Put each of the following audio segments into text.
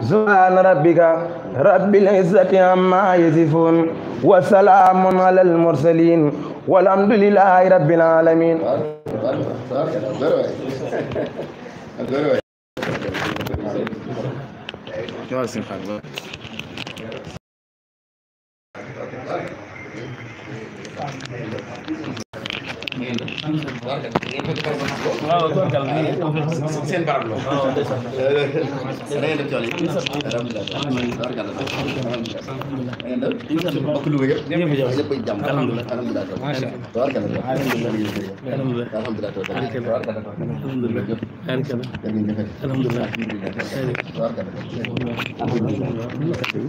سبحان ربك رب العزة عما يصفون وسلام على المرسلين والحمد لله رب العالمين Thank you. waaw doorgal seen barab la dangeen def yoon yi alhamdulilah bokk Louga yëpp ñëpp ay jàmm alhamdulilah alhamdulilah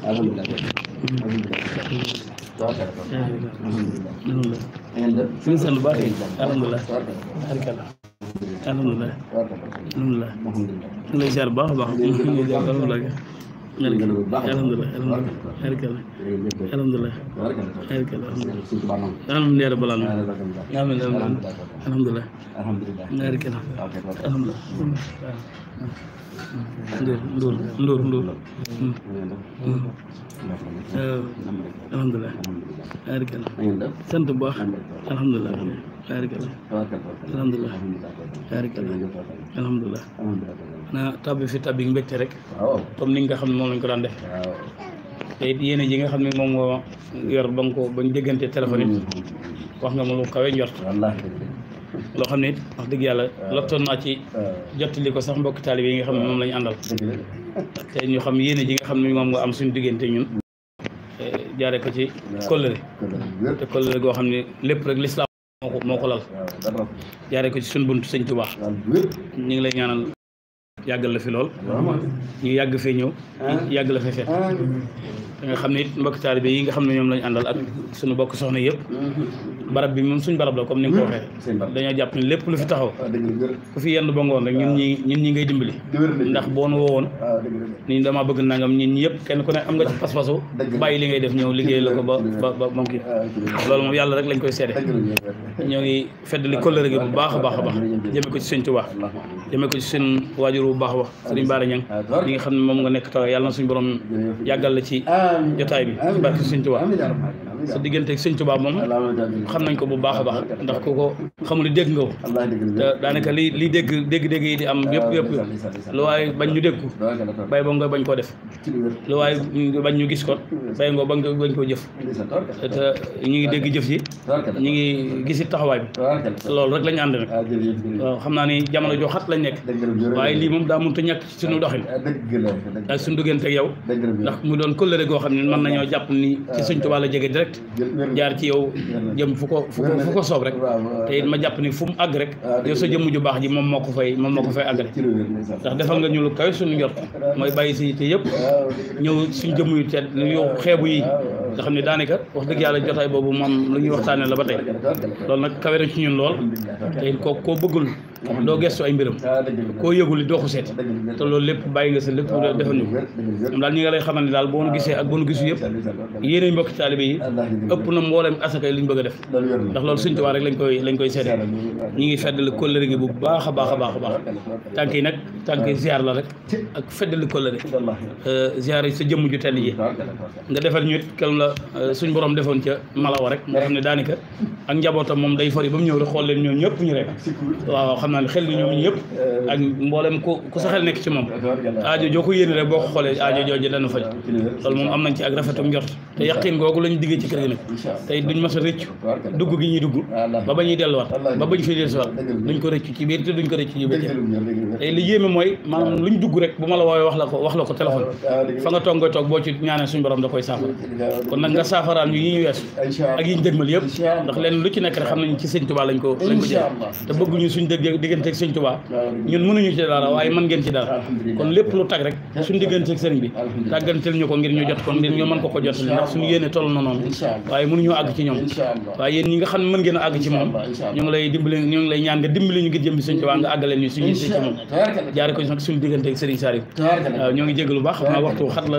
alhamdulilah تنسى الباقي الحمد لله بارك الله الحمد لله الحمد لله الله يجعل باه باه الحمد لله الحمد لله الحمد لله بارك الله الحمد لله بارك الله الحمد لله رب العالمين الحمد لله الحمد لله بارك الله الحمد لله Ndour Ndour Ndour Ndour. alhamdulilah. alhamdulilah. sant bu baax. alhamdulilah. alhamdulilah. alhamdulilah. naa tàbbi fi tàbbi mbégte rek. comme ni nga xam ne moom lañ ko daan de te it yéene ji nga xam ne moom moo yor ba ko bañ déggante téléphone it mm-hmm. wax nga ma lu kawe njort. loo xam ne it wax dëgg yàlla ah. lottoon naa ci ah. jottali ko sax mbokk taalibe yi nga xam ne moom la ñu àndal te ñu xam yéene ji nga xam ne moom nga am suñu diggante ñun eh, jaare ko ci ah. kóllëre te kóllëre goo xam ne lépp rek lislaam moo ko moo ko lal jaare ko ci suñu bunt sëñ Tuubaa ñu ngi lay ñaanal yàggal la fi lool ñu yàgg fee ñëw yàgg la fee fekk nga xam ne it mbokk taalibe yi nga xam ne ñoom lañ àndal ak suñu bokk soxna yëpp barab bi moom suñ barab la comme ni nga ko waxee dañoo jàpp ne lépp lu fi taxaw ah, ku fi yenn ba ngoon rek ñun ñi ñun ñi ngay dimbali ndax boo nu woowoon ah, ni damaa bëgg nangam ñun ñi kenn ku ne am nga ci pas-pasu bàyyi li ngay def ñëw liggéey la ko ba ba ba moom kii ah, loolu moom yàlla rek lañ koy seede ñoo ngi feddali kóllëre gi bu baax a baax a baax jëme ko ci sëñ Tuubaa jëme ko ci seen waajur bu baax wax sëriñ Baara Ñang li nga xam ne nga nekk taw yàlla na borom yàggal la ci jotaay bi barke Sëriñ Tuubaa sa digganteeg sëñ Tuubaa moom xam nañ ko bu baax a baax ndax ku ko xamul dégg nga ko te daanaka li li dégg dégg-dégg yi di am yëpp yëpp lu waaye bañ ñu dégg ko bay bo nga bañ koo def lu waaye bañ ñu gis ko bay ngoo ba nga bañ koo jëf te ñu ngi dégg jëf ji ñu ngi gisit taxawaay bi loolu rek la ñu ànd nag waaw xam naa ni jamono joo xat lañ nekk waaye lii moom daa mënut a ñàkk suñu doxin ak suñu digganteeg yow ndax mu doon kóllëre goo xam ne mën nañoo jàpp ni ci sëñ Tuubaa la jege direct wéret jaar ci yow jëm fu ko fu ko soob rek te it ma jàpp ni fu mu àgg rek yow sa jëmm ju baax ji moom moo ko fay moom moo ko fay àggale ndax defal nga ñu lu kawe suñu njort mooy bàyyi sa yite yëpp ñëw suñu jëmm yu tedd yu xeebu yi nga xam ne daanaka wax dëgg yàlla jotaay boobu moom lu ñuy waxtaanee la ba tey loolu nag kawe na ci ñun lool te it koo bëggul doo gestu ay mbiram ah, koo yëgul doo ko seeti te loolu lépp bàyyi nga sa lépp ah, defal ñu ko daal ñi nga lay daal boo nu gisee ak boo nu gisu yëpp yéenay mbokki taalibe yi ëpp na mboolem asaka yi li ñu bëgg a def ndax loolu Sëñ Tuubaa rek lañ koy ngi feddali a baax la euh, sa jëmm ju tell ji nga defal ñu it kel la euh, suñ borom defoon ca malawa rek moo xam ne daanaka ak njabootam moom day fori ba mu ñëw rek xool leen ñoo ñëpp ñu rek waaw xamna xel na ñoom ñëpp ak mbolam ko ku sa xel nek ci mom aajo joo yene rek boo xolé xoolee aajo jooju dana faj loolu mom am nañ ci ak rafetum njort te yaqeen gogu lañu diggé ci kër gi nag tey duñ mas a rëccu dugg gi ñi dugg ba bañuy delu delluwaat ba bañu fi delu dellusiwaat duñ ko rëccu ci biir te duñ ko rëccu ci biir tay li yéme moy man luñ dugg rek buma la woowee wax la ko wax la ko téléphone fa nga tongo tok bo ci ñaanee suñu borom da koy safara kon nak nga saafaraan ñu ñi ñu ak yi ñu yëpp ndax lén lu ci nek rek xam nañ ci sëñ Tuubaa lañ ko lañ ko jé te ñu suñ degg digganteeg sëñ Tuubaa ñun mënuñu ci dara waaye mën ngeen ci dara kon lépp lu tag rek suñu digganteeg sëriñ bi tàggantel ñu ko ngir ñu jot ko ngir ñu mën ko ko jot ndax suñu yéene toll na noonu waaye mënuñu àgg ci ñoom waaye yéen ñi nga xam ne mën ngeen a àgg ci moom ñu ngi lay dimbali ñu ngi lay ñaan nga dimbali ñu ngir jëm bi sëñ nga àggale ñu suñu ci moom jaare ko nag suñu digganteeg sëriñ Sarif ñoo ngi baax waxtu xat la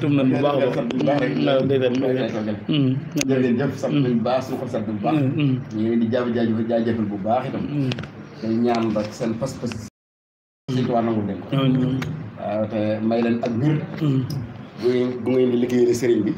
tum bu baax baax xol mm-hmm. bu baax bu baax mm-hmm. itam day ba seen pas-pas sëñ Tuubaa nangul leen waaw te may leen ak wér bu ngeen di liggéeyal sëriñ bi